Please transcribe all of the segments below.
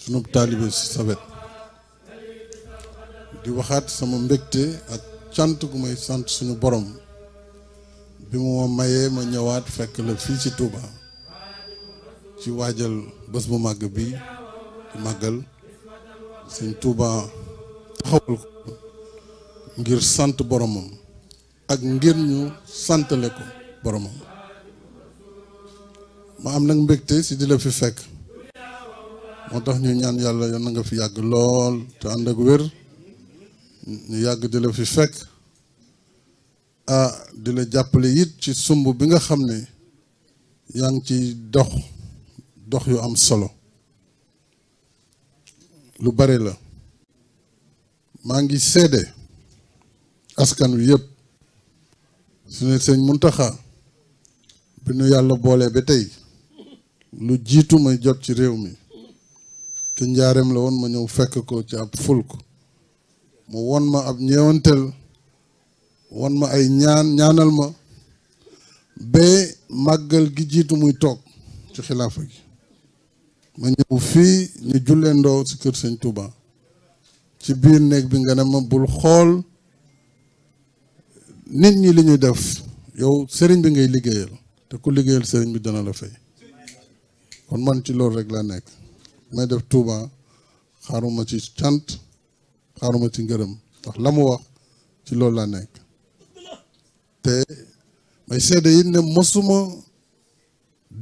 sunu taalibe si sa di waxaat sama mbégte ak cant gu may sant suñu borom bi mu ma mayee ma ñëwaat fekk la fii ci Touba ci waajal bés bu màgg bi di màggal sëñ Touba taxawal ko ngir sant boromam ak ngir ñu santale ko boromam ma am nag mbégte si di fi fekk motax ñu ñaan yalla ya nga fi yag lool te and ak wër ñu yag di la fi fekk a di la jappalé yit ci sumbu bi nga xamné ne ci dox dox yu am solo lu bari la ma ngi sédé askan wi yépp suñu señ Muntaxa bi ñu yalla bolé ba tay lu jitu may jot ci réew te njaareem la woon ma ñëw fekk ko ci ab fulk mu won ma ab ñeewantel won ma ay ñaan ñaanal ma ba màggal gi jiitu muy toog ci xilaafa gi ma ñëw fii ñu jullee si kër sëñ Touba ci biir néeg bi nga ne ma bul xool nit ñi li ñu def yow sëriñ bi ngay liggéeyal te ku liggéeyal sëriñ bi dana la fay kon man ci loolu rek laa nekk may def Touba xaaruma ci cant xaaruma ci ngërëm ndax la mu wax ci loolu laa nekk te may seede yi ne mosuma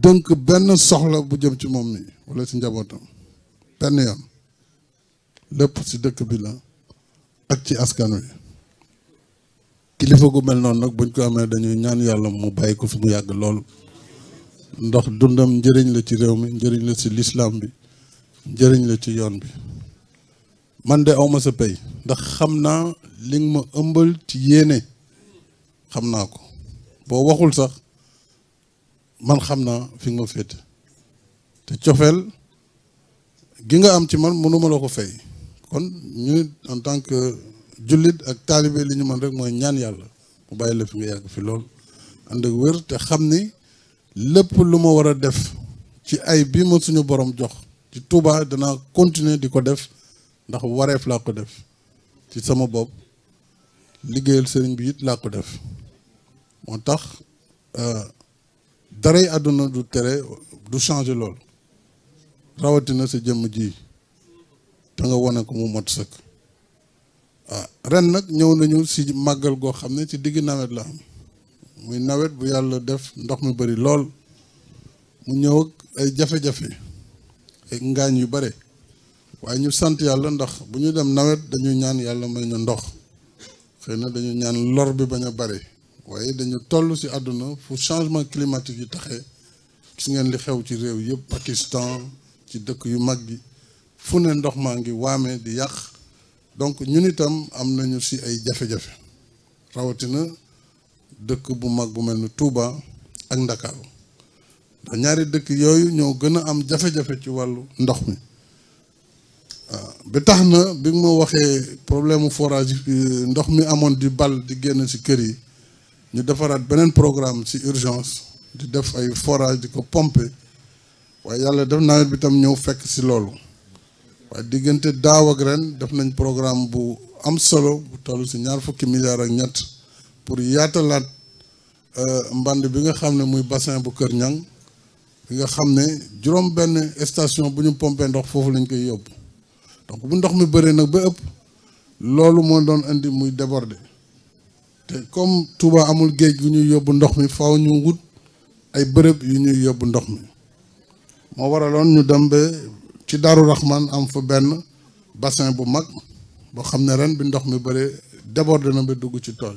dënk benn soxla bu jëm ci moom mi wala ci njabootam benn yoon lépp ci dëkk bi la ak ci askan wi kilifa gu mel noonu nag buñ ko amee dañuy ñaan yàlla mu bàyyi ko fi mu yàgg lool ndox dundam njëriñ la ci réew mi njëriñ la ci lislaam bi jëriñ la ci yoon bi man de awma sa pay ndax xam naa li ma ëmbal ci yéene xam naa ko boo waxul sax man xam naa fi ma féete te cofeel gi nga am ci man mënuma la ko fay kon ñu en tant que jullit ak taalibe li ñu mën rek mooy ñaan yàlla mu bàyyi la fi nga yàgg fi lool ànd ak te xam ni lépp lu ma war a def ci ay bi ma suñu boroom jox ci Touba danaa continuer di ko def ndax wareef laa ko def ci sama bopp liggéeyal sëriñ bi it laa ko def moo tax euh, daray àdduna du tere du changer loolu rawatina sa jëmm ji te nga wane ko mu mot sëkk ah ren nag ñëw nañu si màggal goo xam ne ci digg nawet la am muy nawet bu yàlla def ndox mu bari lool mu ñëw ay jafe-jafe ay ngaañ yu bare waaye ñu sant yàlla ndax bu ñu dem nawet dañuy ñaan yàlla may ñu ndox xëy na dañuy ñaan lor bi bañ a bare waaye dañu toll si àdduna fu changement climatique yi taxe gis ngeen li xew ci réew yëpp Pakistan ci dëkk yu mag yi fu ne ndox maa ngi waame di yàq donc ñun itam am nañu si ay jafe-jafe rawatina dëkk bu mag bu mel ni Touba ak Ndakaaru ñaari dëkk yooyu ñoo gën a am jafe-jafe ci wàllu ndox mi waaw ah, bi tax na bi ma waxee problème mu forage euh, ndox mi amoon di bal di génn ci kër yi ñu defaraat beneen programme ci urgence di def ay forage di ko pomper waaye yàlla def nawet bi tam ñëw fekk ci loolu waaye diggante daaw ren def nañ programme bu am solo bu toll si ñaar fukki milliards ak ñett pour yaatalaat euh, mbànd bi nga xam ne muy bassin bu Kër Niang bi nga xam ne juróom benn station bu ñu pompé ndox foofu lañ koy yóbbu donc bu ndox mi bëree nag ba ëpp loolu moo doon indi muy débordé te comme Touba amul géej gu ñuy yóbbu ndox mi faaw ñu wut ay bërëb yu ñuy yóbbu ndox mi moo waraloon ñu dem ba ci Daaru Raxmaan am fu benn bassin bu mag boo xam ne ren bi ndox mi bëree débordé na ba dugg ci tool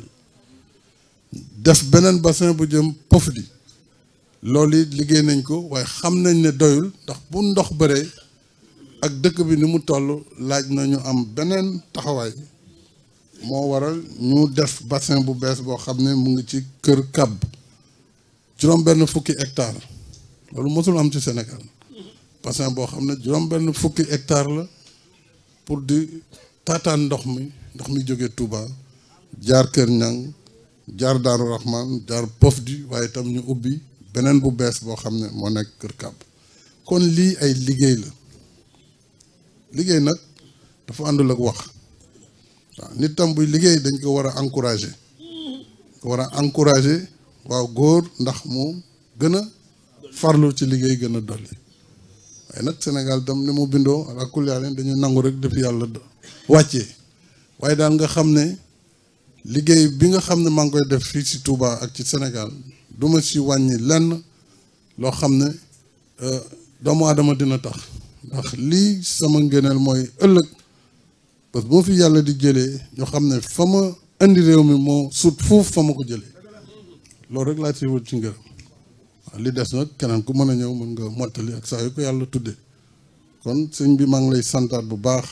yi def beneen bassin bu jëm Pofdy loolu it liggéey nañ ko waaye xam nañ ne doyul ndax bu ndox bëree ak dëkk bi ni mu toll laaj na ñu am beneen taxawaay moo waral ñu def bassin bu bees boo xam ne mu ngi ci kër kab juróom benn fukki hectare loolu am ci Sénégal bassin boo xam ne juróom fukki hectare la pour di taataan ndox mi ndox mi jóge Touba jaar Kër Ñang jaar Daaru Rahman jaar Pofdi waaye itam ñu ubbi beneen bu bees boo xam ne moo nekk Kër Kàbb kon lii ay liggéey la liggéey nag dafa àndul ak wax waaw nit tam buy liggéey dañ ko war a encourager war a encourager waaw góor ndax moom gën a farlu ci liggéey gën a dolli waaye nag Sénégal tam ni mu bindoo ala kulli dañu nangu rek def yàlla wàccee waaye daal nga xam ne liggéey bi nga xam ne maa ngi koy def fii ci Touba ak ci Sénégal du ma si wàññi lenn loo xam ne euh, doomu aadama dina tax ndax li sama ngeenel moy euleuk parce que vous fi yalla di jëlé ñu xamné ne andi réew mi Vous sout fouf fa ko Vous lool rek la ci wul ci li dess nak keneen ku mëna a ñëw mën nga Vous ak sax yu ko yalla Vous kon vous bi ma ngi lay bu baax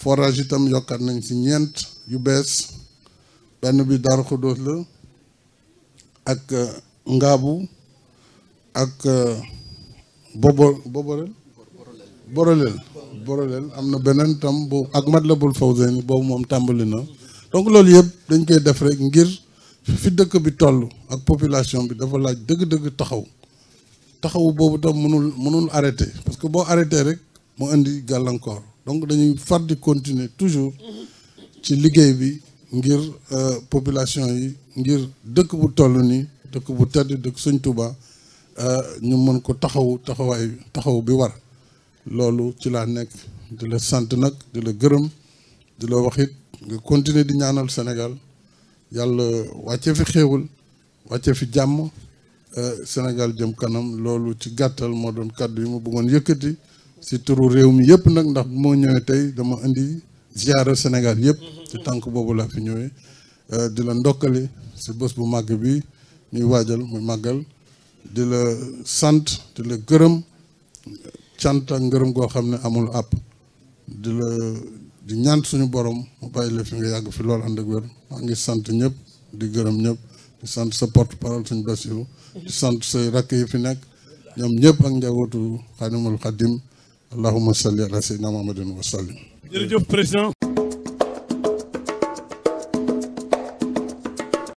forage itam nañ ci yu bi ak euh, Ngabu ak euh, Bobo Boborel Boborel amna am na tam bu ak Madlabul Fawzayni boobu mom tambalina donc loolu yeb dañ koy def rek ngir fi deuk bi tollu ak population bi dafa laaj deug deug taxaw taxawu bobu tam mënul mënul arrêter parce que bo arrêter rek mo andi galankor donc dañuy fardi continuer toujours ci liguey bi ngir euh, population yi ngir deuk bu tollu ni dëkk bu tedd dëkk Sëñ Tuuba euh, ñu mën ko taxaw taxawaay taxaw bi war loolu ci laa nekk di la sant nag di la gërëm di la waxit nga continuer di ñaanal Sénégal yàlla wàcce fi xewul wàcce fi jàmm euh, Sénégal jëm kanam loolu ci gàttal moo doon kàddu yi ma bëggoon yëkkati si turu réew mi yëpp nag ndax moo ñëwee tey dama indi ziara Sénégal yëpp mm-hmm. ci tànk boobu laa fi ñëwee euh, di la ndokkali si bés bu màgg bi ñuy waajal mu màggal di la sant di la gërëm cant ak ngërëm goo xam ne amul àpp di la di ñaan suñu borom mu bàyyi la fi nga yàgg fi lool ànd ak wér maa ngi sant ñëpp di gërëm ñëpp di sant sa porte parole suñu Basiru di sant sa rakk yi fi nekk ñoom ñëpp ak njabootu xaadimul xadim allahuma salli ala sayyidina muhammadin wa sallim jërëjëf président